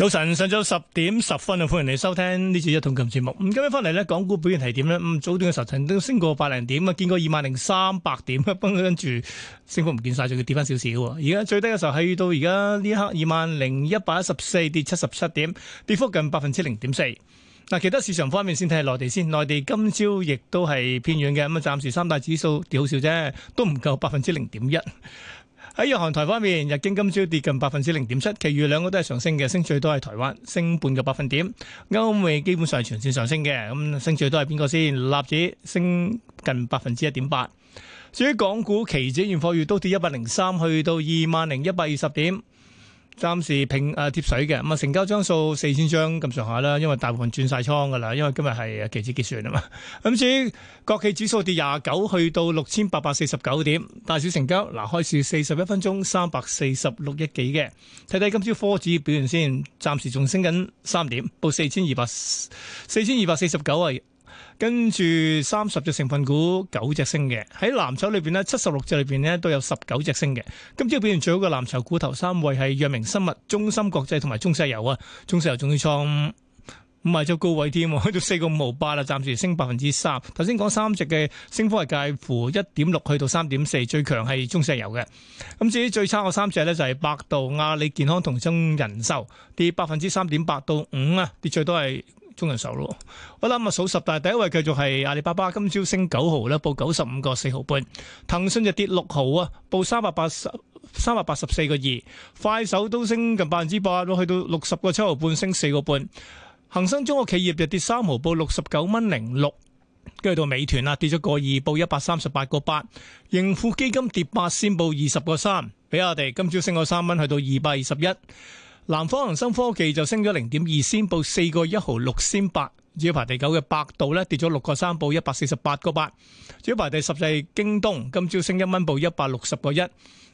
早晨，上晝十點十分啊，歡迎你收聽呢次一桶金節目。咁今日翻嚟咧，港股表現係點咧？嗯，咁早段嘅時候曾經都升過百零點啊，見過二萬零三百點啊，崩跟住升幅唔見晒，仲要跌翻少少。而家最低嘅時候係到而家呢刻二萬零一百一十四，20, 4, 跌七十七點，跌幅近百分之零點四。嗱，其他市場方面先睇下內地先，內地今朝亦都係偏軟嘅，咁啊暫時三大指數跌好少啫，都唔夠百分之零點一。喺日韓台方面，日經今朝跌近百分之零點七，其餘兩個都係上升嘅，升最多係台灣，升半個百分點。歐美基本上係全線上升嘅，咁升最多係邊個先？納指升近百分之一點八。至於港股期指現貨月都跌一百零三，去到二萬零一百二十點。暫時平誒，貼水嘅，咁啊成交張數四千張咁上下啦，因為大部分轉晒倉噶啦，因為今日係期指結算啊嘛。咁 至於國企指數跌廿九，去到六千八百四十九點，大小成交嗱，開市四十一分鐘三百四十六億幾嘅，睇睇今朝科指表現先，暫時仲升緊三點，報四千二百四千二百四十九啊。跟住三十隻成分股九隻升嘅，喺藍籌裏邊呢，七十六隻裏邊呢都有十九隻升嘅。今朝表現最好嘅藍籌股頭三位係藥明生物、中芯國際同埋中石油啊！中石油仲要創五日最高位添，去到四個五毫八啦，暫時升百分之三。頭先講三隻嘅升幅係介乎一點六去到三點四，最強係中石油嘅。咁至於最差嘅三隻呢，就係百度、阿里健康同中人壽，跌百分之三點八到五啊，5, 跌最多係。5, 沖人手咯，好啦咁啊數十大，但第一位繼續係阿里巴巴，今朝升九毫咧，報九十五個四毫半。騰訊就跌六毫啊，報三百八十三百八十四個二。快手都升近百分之八去到六十個七毫半，升四個半。恒生中國企業就跌三毫，報六十九蚊零六。跟住到美團啦，跌咗個二，報一百三十八個八。盈富基金跌八先報二十個三，比亞迪今朝升個三蚊，去到二百二十一。南方恒生科技就升咗零點二仙，報四個一毫六仙八。主要排第九嘅百度咧跌咗六個三，報一百四十八個八。主要排第十就係京東，今朝升一蚊，報一百六十個一。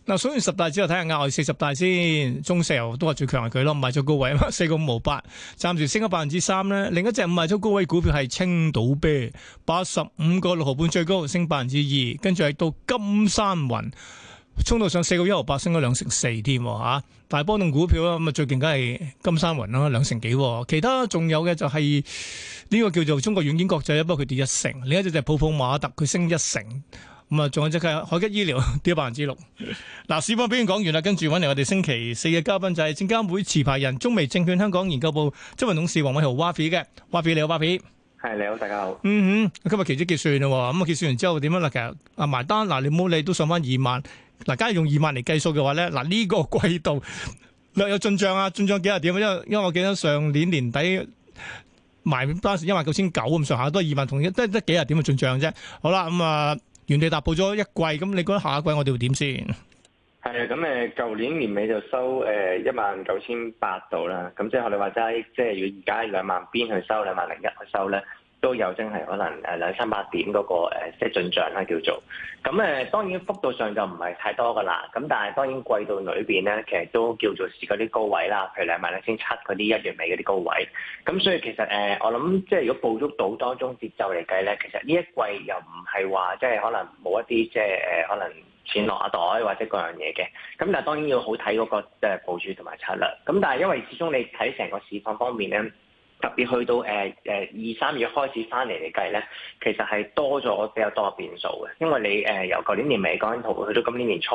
嗱，數完十大之後，睇下額外四十大先。中石油都係最強係佢咯，賣咗高位嘛，四個五毫八，暫時升咗百分之三咧。另一隻賣咗高位股票係青島啤，八十五個六毫半最高，升百分之二，跟住係到金山雲。衝到上四個一毫八，升咗兩成四添吓。大波動股票啦，咁啊，最近梗係金山雲啦，兩成幾。其他仲有嘅就係呢個叫做中國軟件國際，不過佢跌一成。另一隻就係泡泡瑪特，佢升一成。咁 啊，仲有隻係海吉醫療跌咗百分之六。嗱，市場表現講完啦，跟住搵嚟我哋星期四嘅嘉賓就係證監會持牌人中微證券香港研究部執行董事黃偉豪 （Wafi） 嘅。Wafi 你好，Wafi。係你好，大家好。嗯哼，今日期指結算啦，咁啊，結算完之後點樣啦？其實啊，埋單嗱，你冇理，理，都上翻二萬。嗱，梗係用二萬嚟計數嘅話咧，嗱、這、呢個季度略有進賬啊，進賬幾廿點？因為因為我記得上年年底賣當時一萬九千九咁上下，都係二萬同一，都係得幾廿點嘅進賬啫。好啦，咁、嗯、啊原地踏步咗一季，咁你覺得下一季我哋會點先？係啊，咁誒，舊年年尾就收誒一萬九千八度啦，咁、呃、即係你話齋，即係如果而家兩萬邊去收，兩萬零一去收咧？都有，即係可能誒兩三百點嗰、那個即係、就是、進賬啦叫做。咁誒當然幅度上就唔係太多噶啦。咁但係當然季度裏邊咧，其實都叫做試嗰啲高位啦，譬如兩萬兩千七嗰啲一月尾嗰啲高位。咁所以其實誒、呃，我諗即係如果捕捉到當中節奏嚟計咧，其實呢一季又唔係話即係可能冇一啲即係誒可能錢落啊袋或者嗰樣嘢嘅。咁但係當然要好睇嗰個誒部署同埋策略。咁但係因為始終你睇成個市況方面咧。特別去到誒誒、呃、二三月開始翻嚟嚟計咧，其實係多咗比較多變數嘅，因為你誒、呃、由舊年年尾講到去到今年年初，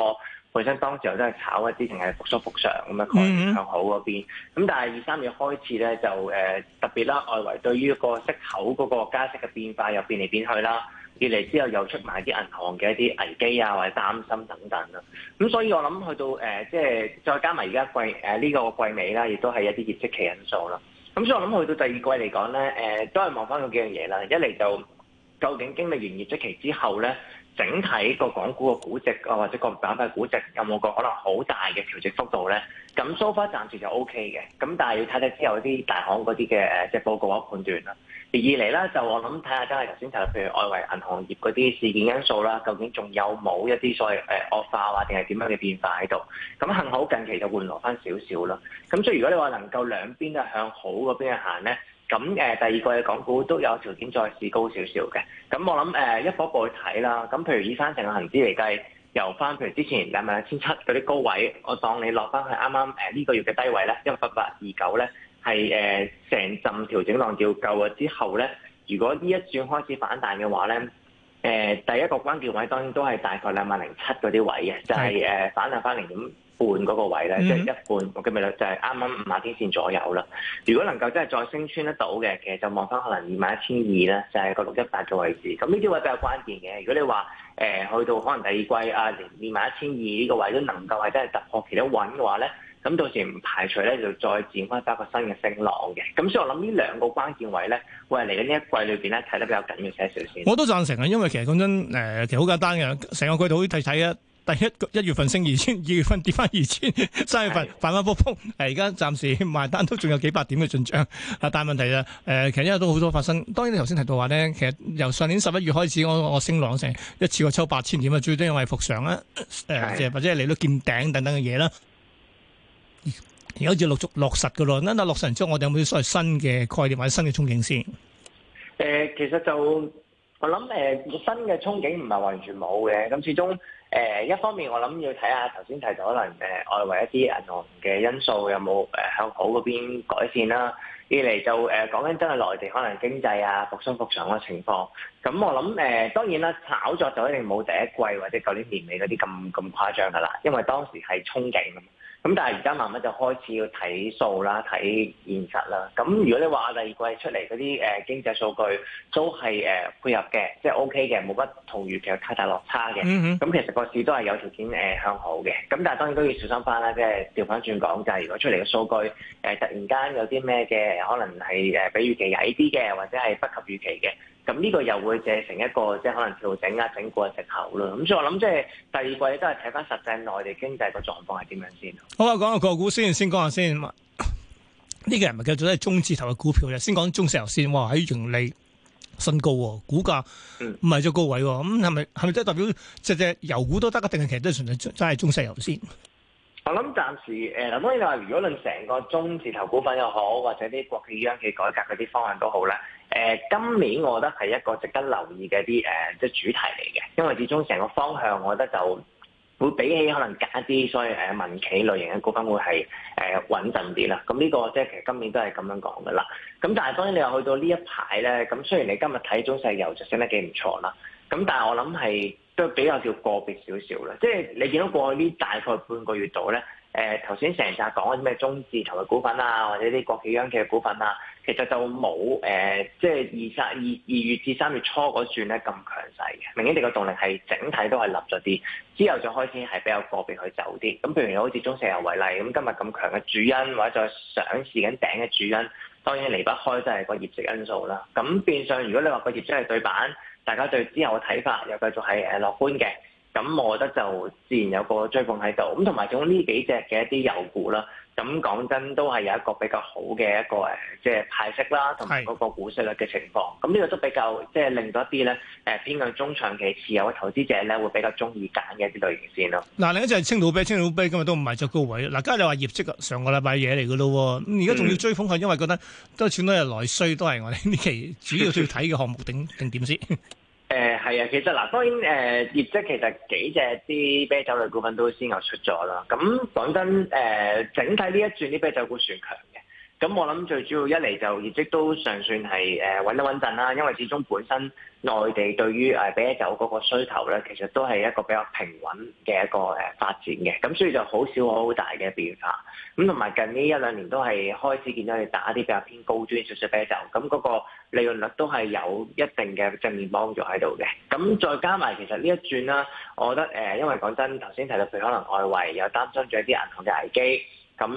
本身當時候真係炒呀之前係復甦復上咁樣概念向好嗰邊。咁、mm. 但係二三月開始咧，就誒、呃、特別啦，外圍對於個息口嗰個加息嘅變化又變嚟變去啦，越嚟之後又出埋啲銀行嘅一啲危機啊，或者擔心等等啊。咁、嗯、所以我諗去到誒、呃，即係再加埋而家季誒呢個季尾啦，亦都係一啲業績期因素啦。咁、嗯、所以我諗去到第二季嚟講咧，誒、呃、都係望翻嗰幾樣嘢啦。一嚟就究竟經歷完業績期之後咧。整體個港股嘅估值，估值啊，或者個板塊估值有冇個可能好大嘅調整幅度咧？咁 so far 暫時就 O K 嘅，咁但係要睇睇之後啲大行嗰啲嘅誒即係報告或者判斷啦。二嚟咧就我諗睇下真係頭先提到，譬如外圍銀行業嗰啲事件因素啦，究竟仲有冇一啲所謂誒惡化或定係點樣嘅變化喺度？咁幸好近期就緩和翻少少啦。咁所以如果你話能夠兩邊都向好嗰邊去行咧？咁誒、嗯、第二季嘅港股都有條件再試高少少嘅，咁、嗯、我諗誒、嗯、一步一步去睇啦。咁、嗯、譬如以翻成個恆指嚟計，由翻譬如之前兩萬兩千七嗰啲高位，我當你落翻去啱啱誒呢個月嘅低位咧，一八八二九咧，係誒成浸調整浪調夠咗之後咧，如果呢一轉開始反彈嘅話咧，誒、呃、第一個關鍵位當然都係大概兩萬零七嗰啲位嘅，就係、是、誒、呃、反彈翻零半嗰個位咧，即係一半我嘅比率就係啱啱五萬天線左右啦。如果能夠真係再升穿得到嘅，其實就望翻可能二萬一千二啦，就係個六一八嘅位置。咁呢啲位比較關鍵嘅。如果你話誒、呃、去到可能第二季啊，連二萬一千二呢個位都能夠係真係突破其，其實都穩嘅話咧，咁到時唔排除咧就再展開翻一個新嘅升浪嘅。咁所以我諗呢兩個關鍵位咧，會係嚟緊呢一季裏邊咧睇得比較緊要少少。我都贊成啊，因為其實講真誒，其實好簡單嘅，成個季度可以睇一。第一個一月份升二千，二月份跌翻二千，三月份反反覆覆。而家暫時埋單都仲有幾百點嘅進賬。啊，但係問題啊，誒、呃，其實因為都好多發生。當然，你頭先提到話咧，其實由上年十一月開始，我我升浪成一次過，我抽八千點啊，最多因為復常啦，誒、呃，的或者係利率見頂等等嘅嘢啦。而家好似陸續落實噶咯。咁啊，落實完之後，我哋有冇啲所謂新嘅概念或者新嘅憧憬先？誒、呃，其實就我諗，誒、呃，新嘅憧憬唔係話完全冇嘅，咁始終。誒、呃、一方面我諗要睇下頭先提到，可能誒、呃、外圍一啲銀行嘅因素有冇誒、呃、向好嗰邊改善啦、啊。二嚟就誒講緊真係內地可能經濟啊復甦、復常嘅情況。咁、嗯、我諗誒、呃、當然啦，炒作就一定冇第一季或者舊年年尾嗰啲咁咁誇張噶啦，因為當時係憧憬，咁但係而家慢慢就開始要睇數啦，睇現實啦。咁如果你話第二季出嚟嗰啲誒經濟數據都係誒、呃、配合嘅，即、就、係、是、OK 嘅，冇乜同預期有太大落差嘅。咁、mm hmm. 嗯、其實個市都係有條件誒、呃、向好嘅。咁但係當然都要小心翻啦，即係調翻轉講，就係、是、如果出嚟嘅數據誒、呃、突然間有啲咩嘅，可能係誒比預期矮啲嘅，或者係不及預期嘅。咁呢個又會借成一個即係可能調整啊整固嘅藉口咯，咁所以我諗即係第二季都係睇翻實際內地經濟個狀況係點樣先。好啊，講下個股先，先講下先。呢幾日咪繼續都係中字頭嘅股票嘅，先講中石油先。哇，喺盈利新高喎，股價唔係最高位喎，咁係咪係咪即係代表隻隻油股都得啊？定係其實都係純粹真係中石油先？我諗暫時誒，林先生話，如果論成個中字頭股份又好，或者啲國企央企改革嗰啲方案都好咧。誒，今年我覺得係一個值得留意嘅啲誒，即係主題嚟嘅，因為始終成個方向，我覺得就會比起可能揀啲，所謂誒民企類型嘅股份會係誒、呃、穩陣啲啦。咁呢個即係其實今年都係咁樣講噶啦。咁但係當然你又去到呢一排咧，咁雖然你今日睇中石油就升得幾唔錯啦，咁但係我諗係都比較叫個別少少啦。即係你見到過去呢大概半個月度咧，誒頭先成扎講緊咩中字頭嘅股份啊，或者啲國企央企嘅股份啊。其實就冇誒，即係二三二二月至三月初嗰段咧咁強勢嘅，明顯地個動力係整體都係立咗啲，之後就開始係比較個別去走啲。咁譬如好似中石油為例，咁今日咁強嘅主因，或者再上試緊頂嘅主因，當然離不開就係個業績因素啦。咁變相如果你話個業績係對版，大家對之後嘅睇法又繼續係誒樂觀嘅，咁我覺得就自然有個追捧喺度。咁同埋總共呢幾隻嘅一啲油股啦。咁講真，都係有一個比較好嘅一個誒，即係派息啦，同埋嗰個股息率嘅情況。咁呢是、嗯這個都比較即係、就是、令到一啲咧誒，偏、呃、向中長期持有嘅投資者咧，會比較中意揀嘅一啲類型先咯。嗱、啊，另一隻係青島啤，青島啤今日都唔係着高位。嗱、啊，家下你話業績啊，上個禮拜嘢嚟嘅咯。咁而家仲要追風，係、嗯、因為覺得都係全體來衰，都係我哋呢期主要 主要睇嘅項目，定定點先。 誒係啊，其實嗱、呃，當然誒、呃、業績其實幾隻啲啤酒類股份都先有出咗啦。咁、嗯、講真，誒、呃、整體呢一轉啲啤酒股算強嘅。咁我諗最主要一嚟就業績都尚算係誒、呃、穩得穩陣啦，因為始終本身內地對於誒、呃、啤酒嗰個需求咧，其實都係一個比較平穩嘅一個誒發展嘅，咁、嗯、所以就好少好大嘅變化。咁同埋近呢一兩年都係開始見到你打啲比較偏高端少少啤酒，咁、嗯、嗰、那個利潤率都係有一定嘅正面幫助喺度嘅。咁、嗯、再加埋其實呢一轉啦，我覺得誒、呃，因為講真頭先提到，譬如可能外圍有擔心咗一啲銀行嘅危機。咁誒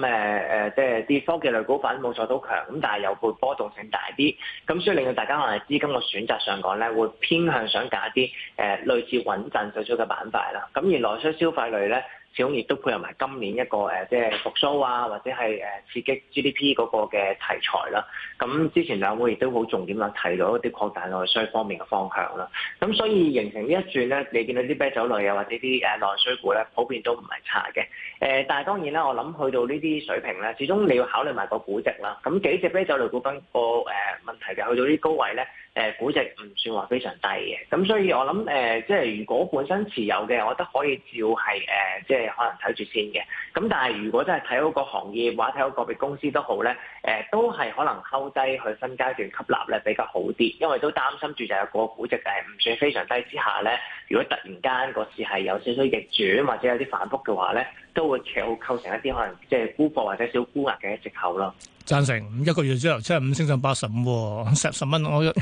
誒，即係啲科技類股份冇錯到強，咁但係又會波動性大啲，咁所以令到大家可能喺資金個選擇上講咧，會偏向想揀一啲誒、呃、類似穩陣些少嘅板塊啦。咁而內需消費類咧。始終亦都配合埋今年一個誒、呃，即係復甦啊，或者係誒、呃、刺激 GDP 嗰個嘅題材啦。咁之前兩會亦都好重點啦，提到一啲擴大內需方面嘅方向啦。咁所以形成呢一轉咧，你見到啲啤酒類啊，或者啲誒內需股咧，普遍都唔係差嘅。誒、呃，但係當然啦，我諗去到呢啲水平咧，始終你要考慮埋個估值啦。咁幾隻啤酒類股份個誒問題就去到啲高位咧。誒估、呃、值唔算話非常低嘅，咁、嗯、所以我諗誒、呃，即係如果本身持有嘅，我覺得可以照係誒、呃，即係可能睇住先嘅。咁但係如果真係睇好個行業，或者睇好個別公司好、呃、都好咧，誒都係可能溝低去分階段吸納咧比較好啲，因為都擔心住就係個估值但係唔算非常低之下咧，如果突然間個市係有少少逆轉或者有啲反覆嘅話咧，都會企構成一啲可能即係沽貨或者少沽額嘅藉口咯。贊成一個月之後七十五升上八十五、哦、十十蚊，我。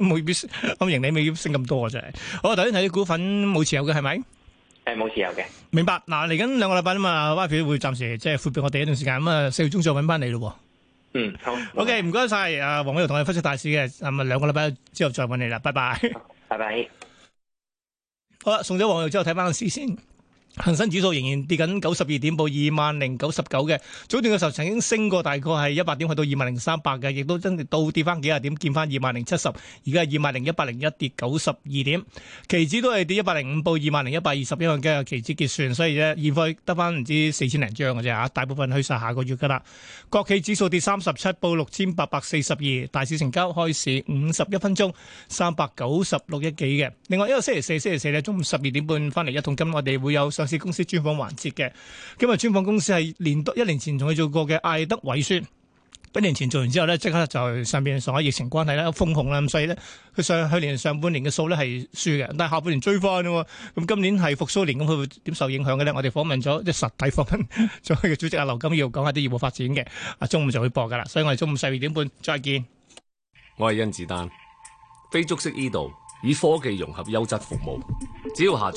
唔會變，咁盈 利咪升咁多啊！真係，好啊！頭先睇啲股份冇持有嘅係咪？誒，冇、欸、持有嘅。明白。嗱、啊，嚟緊兩個禮拜啊嘛 y p y 會暫時即係闊別我哋一段時間。咁、嗯、啊，四月中再揾翻你咯。嗯，好。OK，唔該晒。阿黃偉豪同你分析大市嘅。咁、嗯、咪兩個禮拜之後再揾你啦。拜拜。拜拜。好啦，送咗黃偉豪之後睇翻個市先。恒生指數仍然跌緊九十二點，報二萬零九十九嘅。早段嘅時候曾經升過，大概係一百點，去到二萬零三百嘅，亦都真係倒跌翻幾十點，見翻二萬零七十。而家二萬零一百零一，跌九十二點。期指都係跌一百零五，報二萬零一百二十一，因為今日期指結算，所以啫，現貨得翻唔知四千零張嘅啫吓，大部分去晒下個月噶啦。國企指數跌三十七，報六千八百四十二。大市成交開市五十一分鐘，三百九十六億幾嘅。另外一個星期四、星期四咧，中午十二點半翻嚟一桶金，我哋會有。上市公司專訪環節嘅，今日專訪公司係年一年前仲去做過嘅艾德韋宣，一年前做完之後呢，即刻就上邊上海疫情關係咧封控啦，咁所以呢，佢上去年上半年嘅數呢係輸嘅，但係下半年追翻啦，咁今年係復蘇年，咁佢會點受影響嘅呢？我哋訪問咗即實體訪問，仲有佢嘅主席阿劉金耀講下啲業務發展嘅，啊中午就會播噶啦，所以我哋中午十二點半再見。我係甄子丹，非足式呢度以科技融合優質服務，只要下